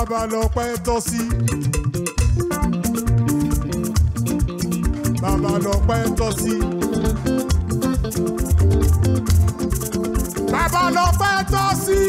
bàbá lọ́pẹ́ tọ́ sí. bàbá lọ́pẹ́ tọ́ sí. bàbá lọ́pẹ́ tọ́ sí.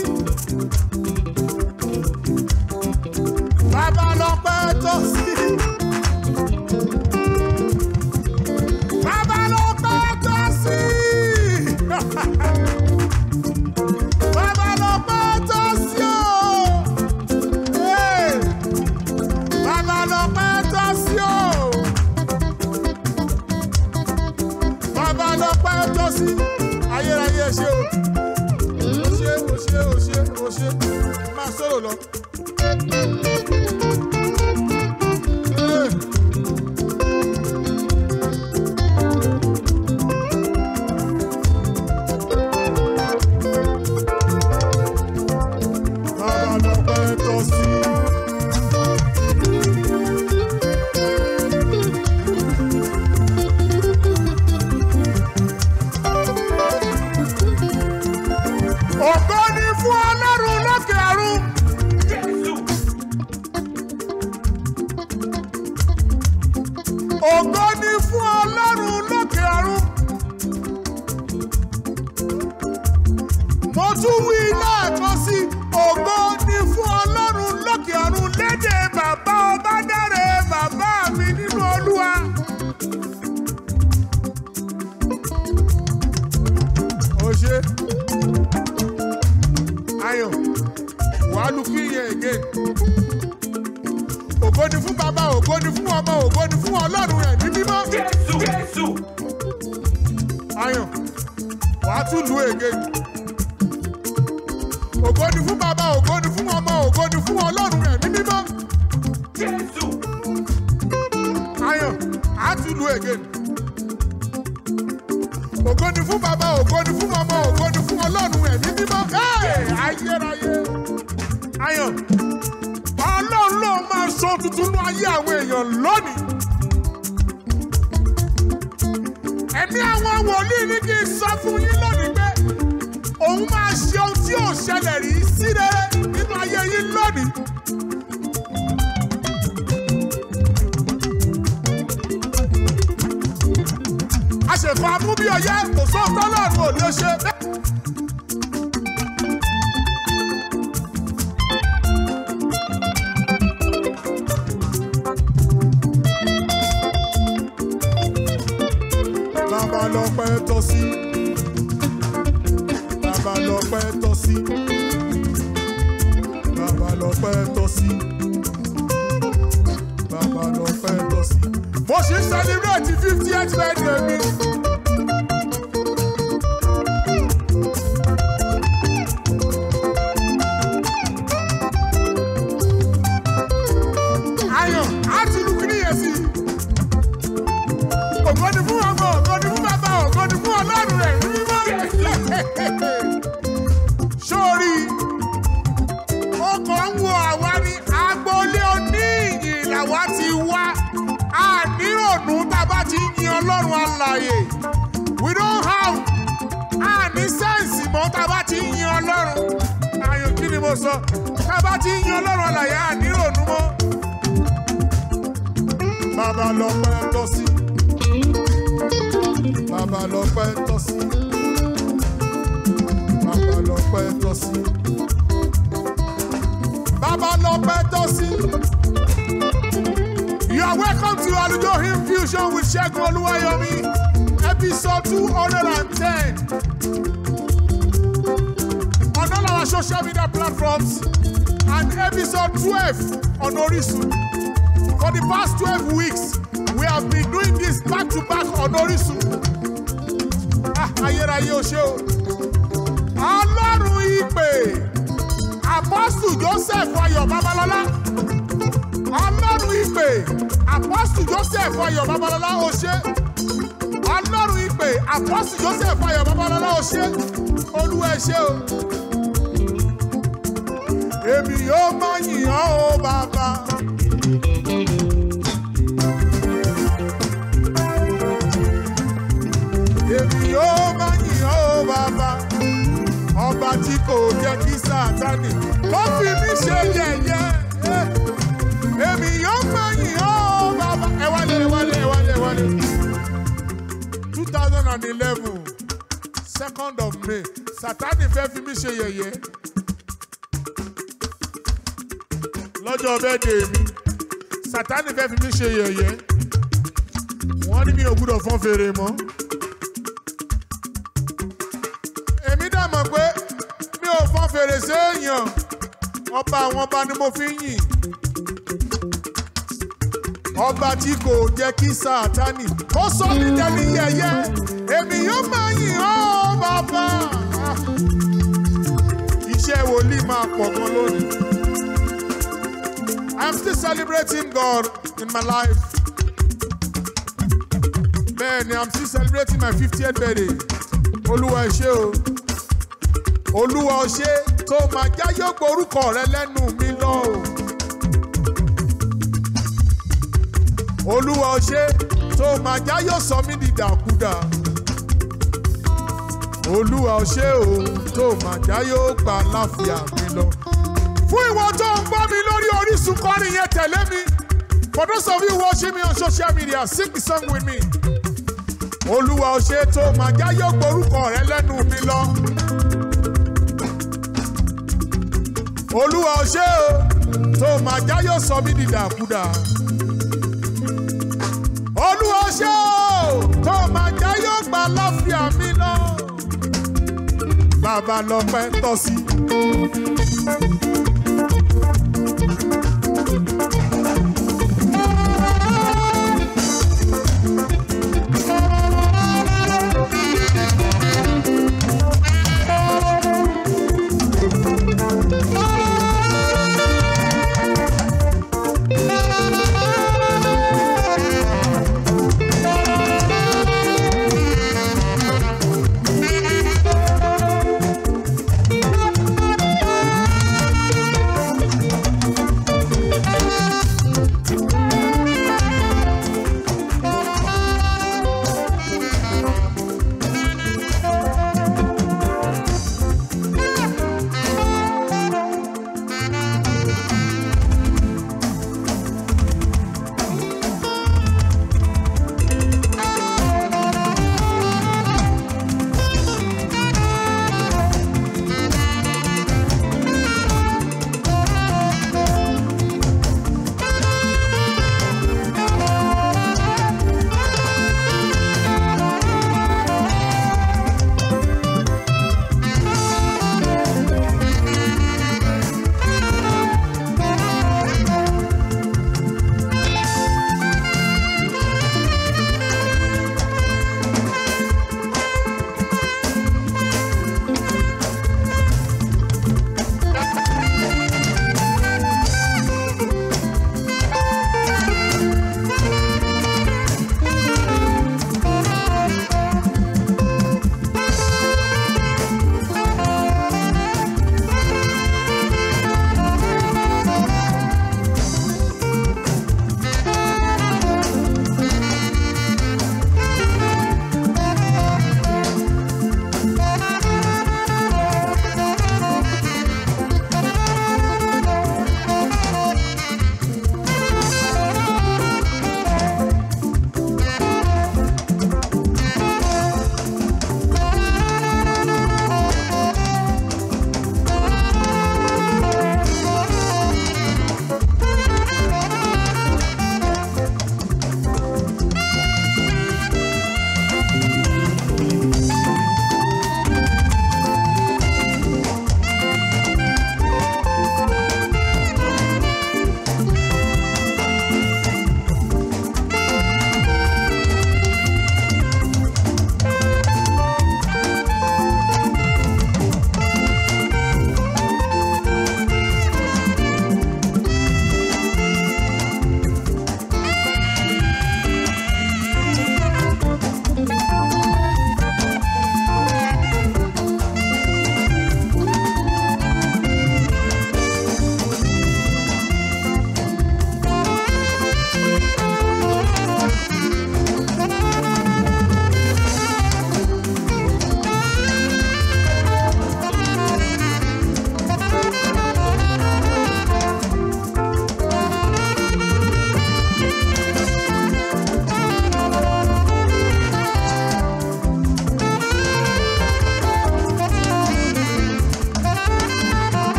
ògo ni fún ọmọ ògo ni fún ọlọ́run ẹ̀mí mímọ́. jésù jésù. ayọ̀ wàá tún lu ègè. ògo ni fún bàbá ògo ni fún ọmọ ògo ni fún ọlọ́run ẹ̀mí mímọ́. jésù. ayọ̀ á tún lu ègè. ògo ni fún bàbá ògo ni fún ọmọ ògo fún ọlọ́run ẹ̀mí mímọ́. ayérayé ayọ̀ sọ tuntun ní ayé àwọn èèyàn lónìí. ẹ̀mí àwọn wòlíì ní kí n sọ fún yín lónìí pé òun máa ṣe ohun tí ò ṣẹlẹ̀ rí sí rere nínú ayé yín lónìí. àṣẹ̀fọ́ amúbíọ̀yẹ́ kò sóòótọ́ lọ́rùn ò lè ṣe mo ṣì ń celebrate fiftieth birthday mi. sọ ká bá ti yan ọlọ́run àlàyé àníròónú mọ́. bàbá lọ́pẹ́ tọ́ sí bàbá lọ́pẹ́ tọ́ sí bàbá lọ́pẹ́ tọ́ sí bàbá lọ́pẹ́ tọ́ sí. You are welcome to AlujoHymn Fusion with Segun Oluwayomi, episode 210 social media platforms and episode 12 on Orisun. For the past 12 weeks, we have been doing this back to back on Orisun. Ah, ayérayé o ṣé o. Ọlọ́run ìpè Apostle Joseph Ayọ̀ Babalọ́lá. Ọlọ́run ìpè Apostle Joseph your Babalọ́lá o ṣé. Ọlọ́run ìpè Apostle Joseph Ayọ̀ Babalọ́lá o ṣé. Olúwa ẹ ṣé o èmi yóò máa yìn o bàbá. èmi yóò máa yìn o bàbá. ọba tí kò jẹ́ kí Sátánì kó fi mí ṣe yẹ̀yẹ́. èmi yóò máa yìn o bàbá. ẹ wálé ẹ wálé ẹ wálé ẹ wálé. two thousand and eleven second of May Sátánì fẹ́ fi mí ṣe yẹ̀yẹ́. lọ́jọ́ bẹ́ẹ̀dẹ̀ mi sátánì fẹ́ fi mí ṣe yẹ̀yẹ́ wọ́n ní mi ò gbúdọ̀ fọ́n fèrè mọ́. èmi dà mọ̀ pé mi ò fọ́n fèrè séèyàn ọba àwọn ọba ni mo fi ń yìn ọba tí kò jẹ́ kí sátánì kó sọ mí dẹni yẹ̀yẹ́ èmi yóò máa yìn ọ́ bàbá iṣẹ́ wòlíì máa pọ̀ gan lónìí. I'm still celebrating God in my life. man. I'm still celebrating my 50th birthday. Olúwa ẹ ṣé o. Olúwa ẹ ṣé tó máa jáyé gborúkọ rẹ lẹ́nu mi lọ o. Olúwa ẹ ṣé tó máa jáyé sọ mí di dàkúdà. Olúwa ẹ ṣé o tó máa jáyé gbà láfíà mi lọ fún ìwọ tó ń gbọ́ mi lórí Orísun kọ́ni yẹn tẹ̀lé mi for those of you watching me on social media sing the song with me. Olúwa ò ṣe tó màá jáyé gborúkọ rẹ lẹ́nu mi lọ. Olúwa ò ṣe tó màá jáyé sọ mí di Olúwa ò ṣe tó màá jáyé gbà láfíà mi lọ. Bàbá lọ́pẹ́ tọ́ sí.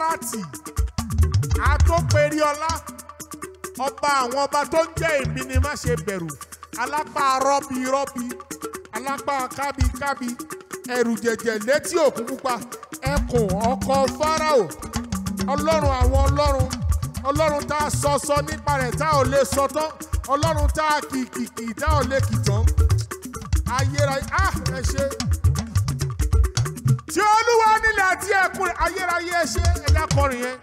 káràtì àtòpẹ̀rí ọlá ọba àwọn ọba tó ń jẹ́ èmi ni má ṣe bẹ̀rù alápá rọ́bì rọ́bì alápá kábíkábí ẹ̀rù jẹ̀jẹ̀ létí òkú pupa ẹkùn ọkọ fáráò ọlọ́run àwọn ọlọ́run ọlọ́run tá a sọ sọ nípa rẹ̀ tá ò lè sọ tán ọlọ́run tá a kìkìkì tá ò lè kì tán ayérayé ah ẹ ṣe tí olúwa nílẹ̀ àti ẹ̀kún ayérayé ṣe ẹ̀dá kọrin yẹn.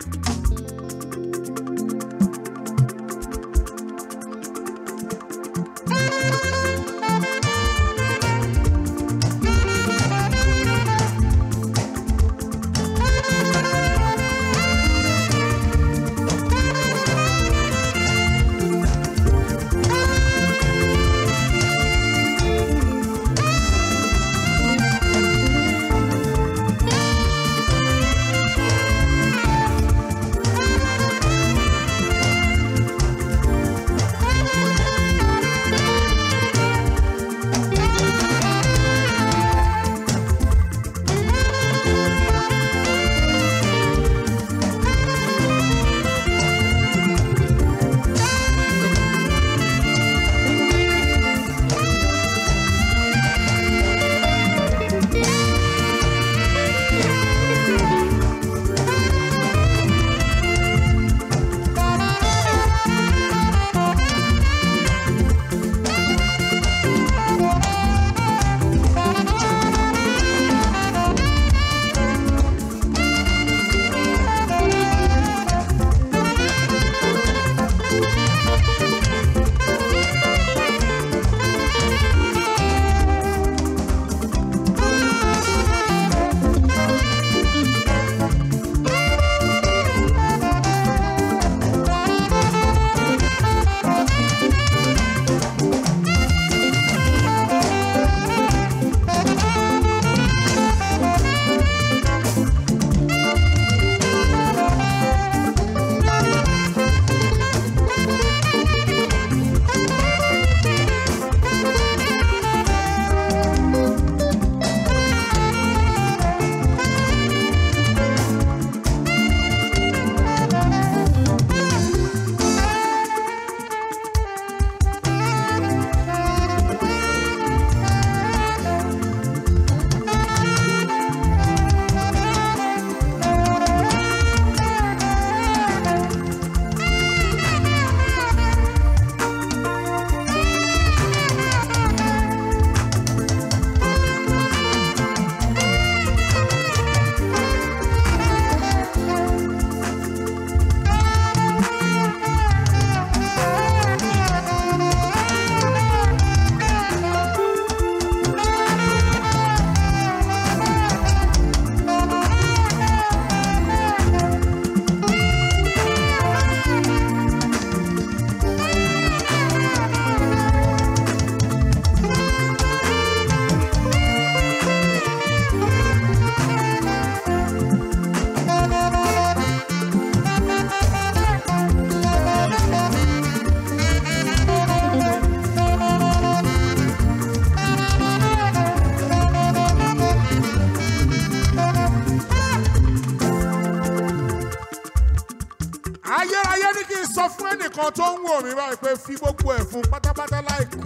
ọlọ́run mi pé fi gbogbo ẹ̀ pátápátá láìkù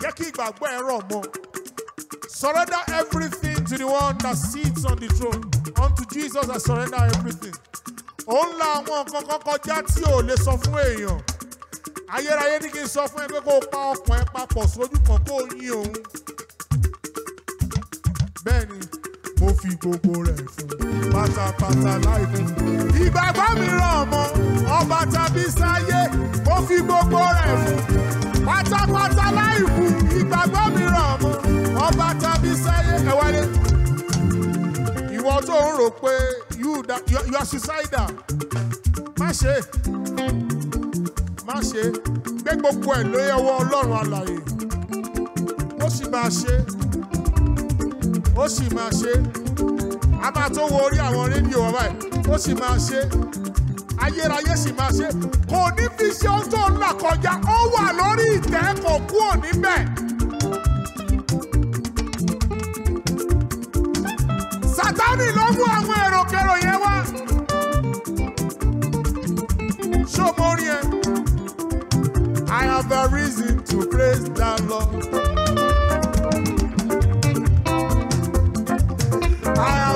jẹ́ kí ìgbàgbọ́ ẹ rọ̀ mọ́. Surrender everything to the one that sits on the throne. Unto Jesus I surrender everything. Ó la àwọn nǹkan kọjá tí ò lè sọ fún èèyàn. Ayérayé ní kí n sọ fún ẹ pé kó o pa ọkàn papọ̀ sójú kan kó o yìn òun. Bẹ́ẹ̀ni mo fi gbogbo rẹ̀ fún pátápátá láì fún. ìgbàgbọ́ mi ràn ọmọ ọba tàbí sáyé mo fi gbogbo rẹ̀ fún pátápátá láì fún. ìgbàgbọ́ mi ràn ọmọ ọba tàbí sáyé ẹ̀wálé. ìwọ tó ń rò pé you are suicidal má ṣe má ṣe gbé gbogbo ẹ̀ lóyè ọwọ́ ọlọ́run alààyè ó sì máa ṣe ó sì máa ṣe a tó wo orí àwọn rédíò wọn báyìí ó sì máa ṣe ayérayé sì máa ṣe kò ní fi ṣe ohun tó kọjá ó wà lórí ìtẹ́ kò kúrò níbẹ̀. Sátánì ló mú àwọn èròkèrò yẹn wá. ṣó mo rí ẹ. I have a reason to praise the Lord. high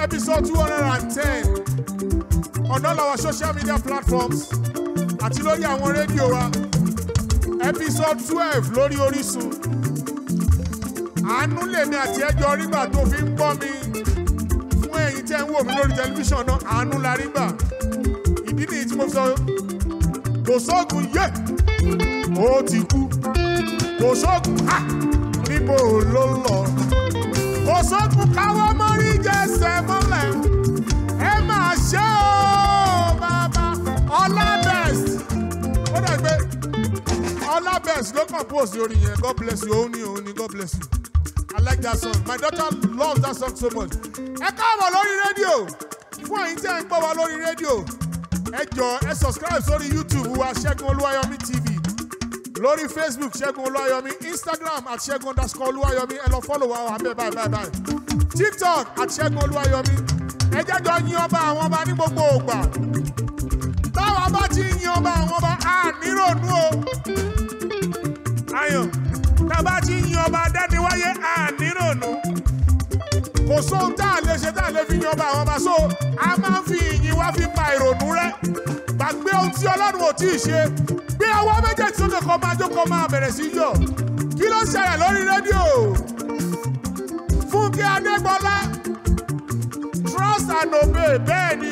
episode 210 on all our social media platforms àti lórí àwọn rédíò wa episode 12, lórí Orísun àánú lèmi àti ẹjọ́ rígbà tó fi ń gbọ́ mi fún ẹ̀yin tí ẹ ń wò mí lórí tẹlifíṣàn náà àánú la rígbà ìdí nìyí tí mo sọ kò sóògùn yé ó ti kú kò sóògùn ha níbo ló lọ kò sóògùn káwọ́ mọ́rí ẹsẹ̀ mọ́lẹ̀ ẹ máa ṣe ó bàbá ọlá best ó dẹ̀ gbé best ló compose orin yẹn god bless you only, only, god bless you i like that song my daughter loves that song so much ẹ káàbọ̀ lórí Radio. fún ẹ̀yin tí ẹ ń gbọ́ subscribe to youtube wa ṣẹ́gun olúwayọ̀mí tv lórí facebook ṣẹ́gun olúwayọ̀mí instagram at ṣẹ́gun underscore olúwayọ̀mí ẹ lọ fọ́lọ̀ wa wà bẹ́ẹ̀ báyìí tiktok àti ṣẹ́gun olúwayọ̀mí ẹ jẹ́ jọ yin ọba àwọn ọba ní gbogbo ògbà táwa bá ti yin ọba àwọn ọba á níròónú o ayọ̀ tá a bá ti yin ọba adániwáyé á níròónú kò sóhun tá a lè ṣe tá a lè fi yin ọba àwọn ọba so a máa ń fi ìyìn wá fi pa ìrònú rẹ gbàgbé ohun tí ọlọ́run ò tí ì ṣe gbé ọwọ́ méjèèjì sókè kó máa jókòó máa bẹ̀rẹ̀ sí yọ̀ kí ló ń ṣẹlẹ̀ lórí rédíò. Adégbọlá trust and obey bẹ́ẹ̀ ni.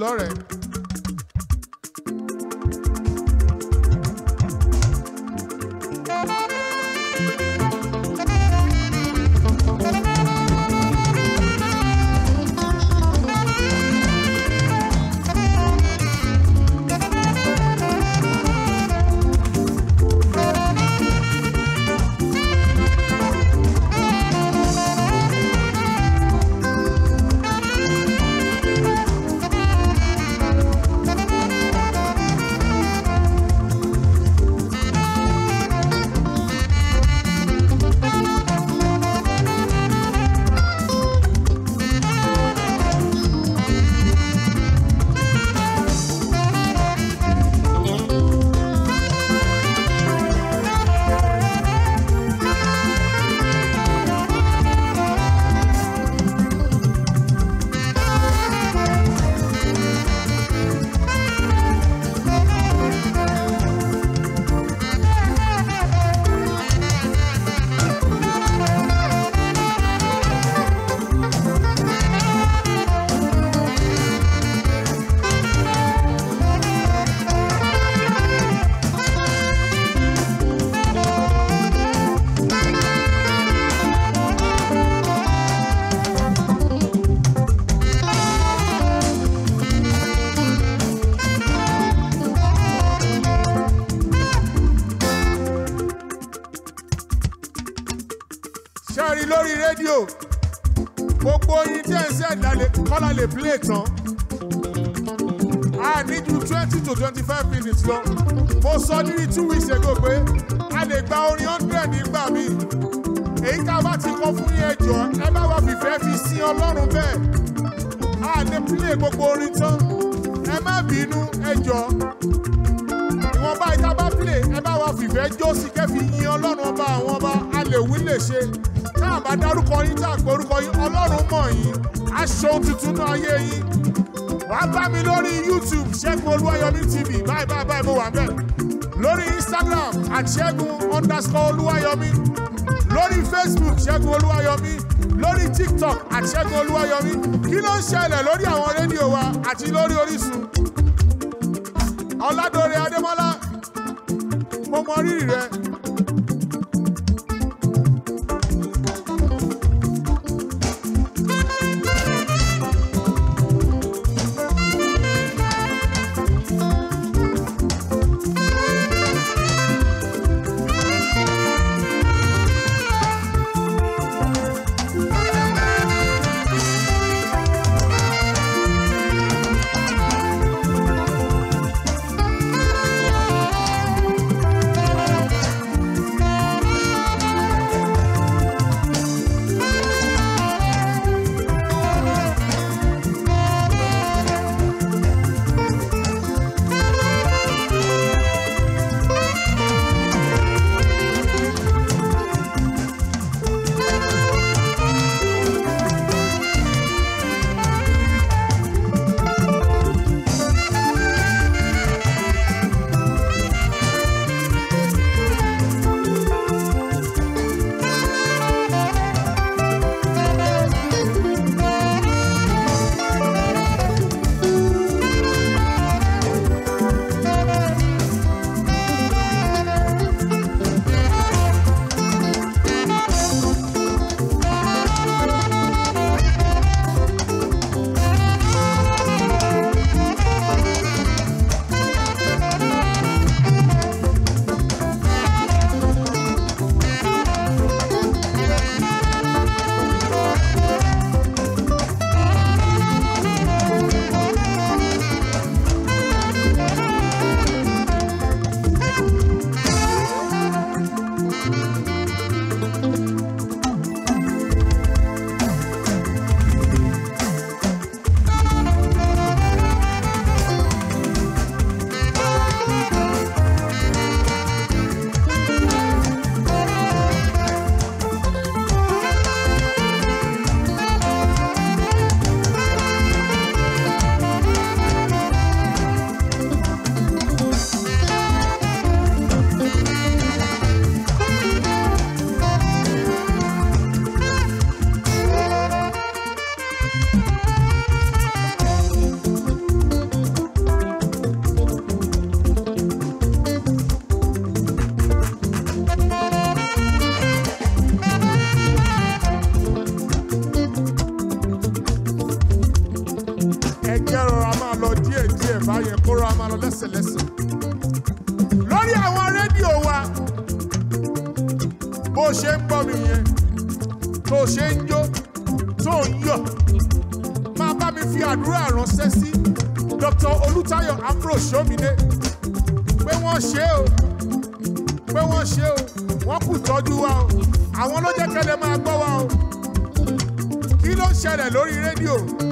lọ́rẹ̀ẹ́. play gbogbo orin tán ẹ má bínú ẹ jọ ìwọ̀nba ìta bá play ẹ bá wa fìfẹ́ jó sí kẹ́fì yìn ọlọ́run ọba àwọn ọba a lè ṣe tá a bá dárúkọ yín tá a pè orúkọ yín ọlọ́run mọ̀ yín aṣọ ohun tuntun náà yé yín wàá bá mi lórí YouTube Ṣẹ́gun Olúwayọ̀mí TV báyìí báyìí báyìí mo wà ń lórí Instagram at Ṣẹ́gun underscore Olúwayọ̀mí lórí facebook ṣẹ́gun olúwayọ̀mí lórí tiktok àti ṣẹ́gun olúwayọ̀mí kí ló ń ṣẹlẹ̀ lórí àwọn rédíò wa àti lórí orísun ọ̀làdọ̀rẹ̀ adémọ́lá mo mọ rírì rẹ. ṣẹlẹ̀ lórí rédíò.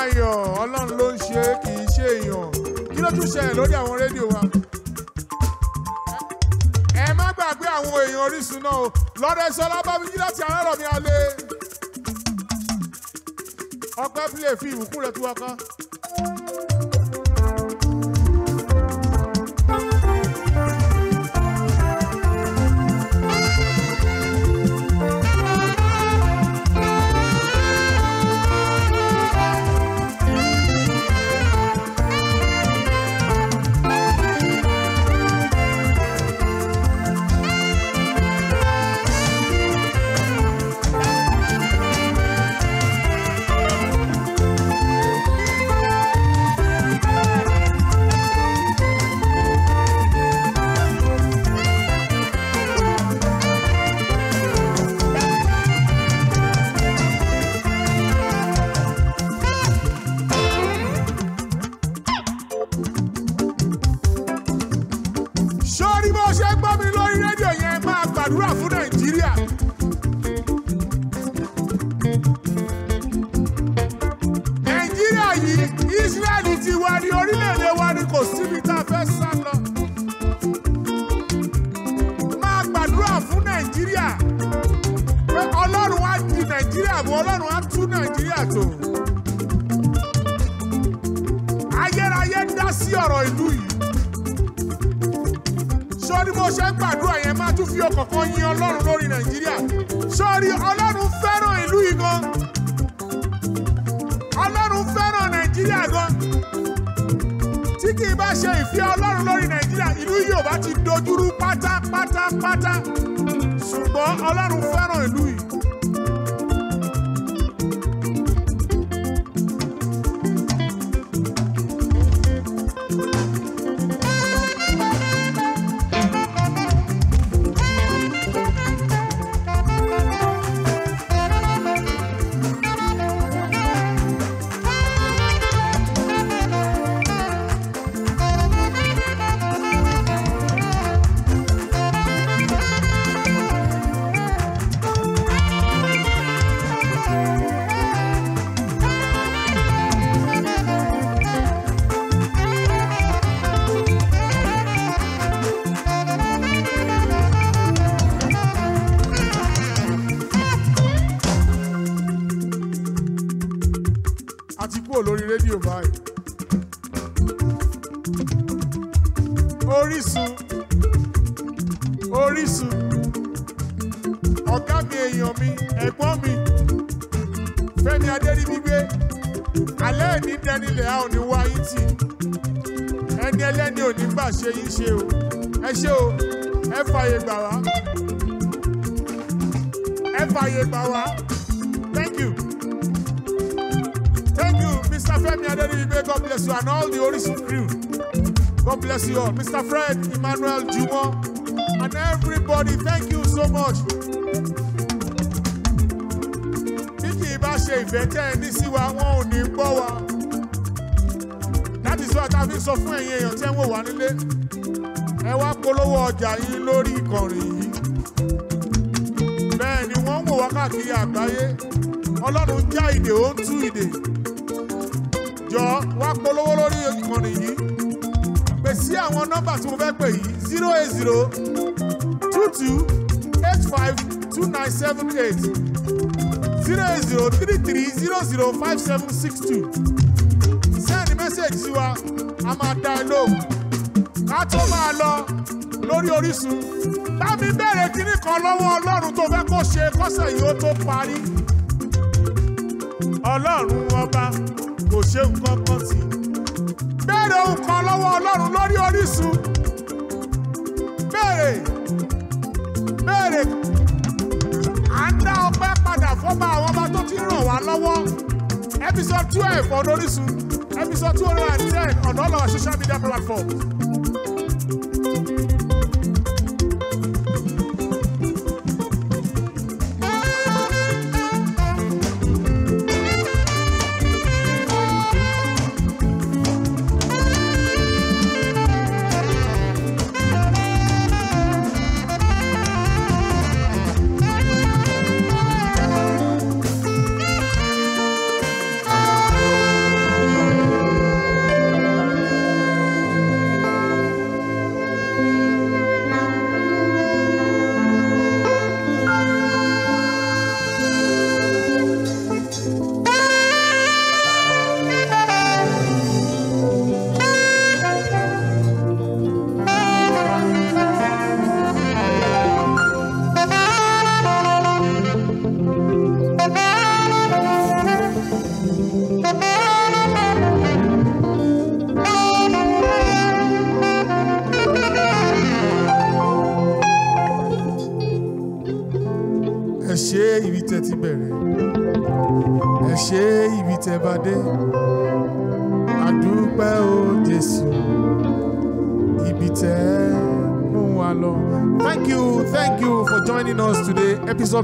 ayọ̀ ọlọ́run ló ń ṣe kì í ṣe èèyàn kí ló tún ṣẹlẹ̀ lórí àwọn rédíò wa. ẹ má gbàgbé àwọn èèyàn Orísun náà o lọ́dẹ sọlá bá láti àárọ̀ mi alẹ́. ọpẹ́ play fi ìbùkún rẹ̀ tú ọkọ. ìlú yìí sórí bó ṣe ń gbàdúrà yẹn má tún fi ọkàn kan yìn ọlọ́run lórí nàìjíríà sórí ọlọ́run fẹ́ràn ìlú yìí gan ọlọ́run fẹ́ràn nàìjíríà gan tí kì í bá ṣe ìfẹ́ ọlọ́run lórí nàìjíríà ìlú yìí ò bá ti dojúrú pátápátápátá ṣùgbọ́n ọlọ́run fẹ́ràn ìlú yìí. ẹ fààyè gbà wá ẹ fààyè gbà wá thank you thank you Mr. Femi Adeniyibe God bless you and all the Orisun crew God bless you all Mr. Fred Emmanuel Jumo and everybody thank you so much bí kì í bá ṣe ìfẹ́ tẹ́ ẹ ní sí wa wọn ò ní gbọ́ wa láti sọ àtàfi sọ fún ẹ̀yin èèyàn tẹ́ ń wò wá nílé ẹ wá polówó ọjà yín lórí ìkànnì yìí bẹ́ẹ̀ ni wọ́n ń wò wá káàkiri àgbáyé ọlọ́run já ìdè ó ń tú ìdè jọ wá polówó lórí ìkànnì yìí pè sí àwọn nọ́mbà tí mo fẹ́ pè yìí zero eight zero two two eight five two nine seven eight zero eight zero three three zero zero five seven six two send message sí wa a máa dá ẹ lóhùn ká tó máa lọ lórí Orísun bá mi kíní kan lọ́wọ́ Ọlọ́run tó fẹ́ kó ṣe kọ́sẹ̀ yìí ó tó parí Ọlọ́run ọba kò ṣe nǹkan kan sí béèrè nǹkan lọ́wọ́ Ọlọ́run lórí Orísun béèrè béèrè à ń dá ọpẹ́ padà fọ́ba àwọn ọba tó ti ràn wá lọ́wọ́ episode twelve on Orísun episode two hundred and ten on all our social media platforms.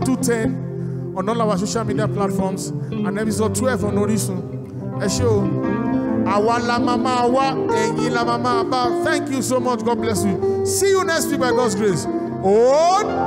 episode 210 on all our social media platforms and episode 12 on Orisun. Ẹ ṣé o. Àwa la máa máa wá, la máa máa Thank you so much. God bless you. See you next week by God's grace. Oh.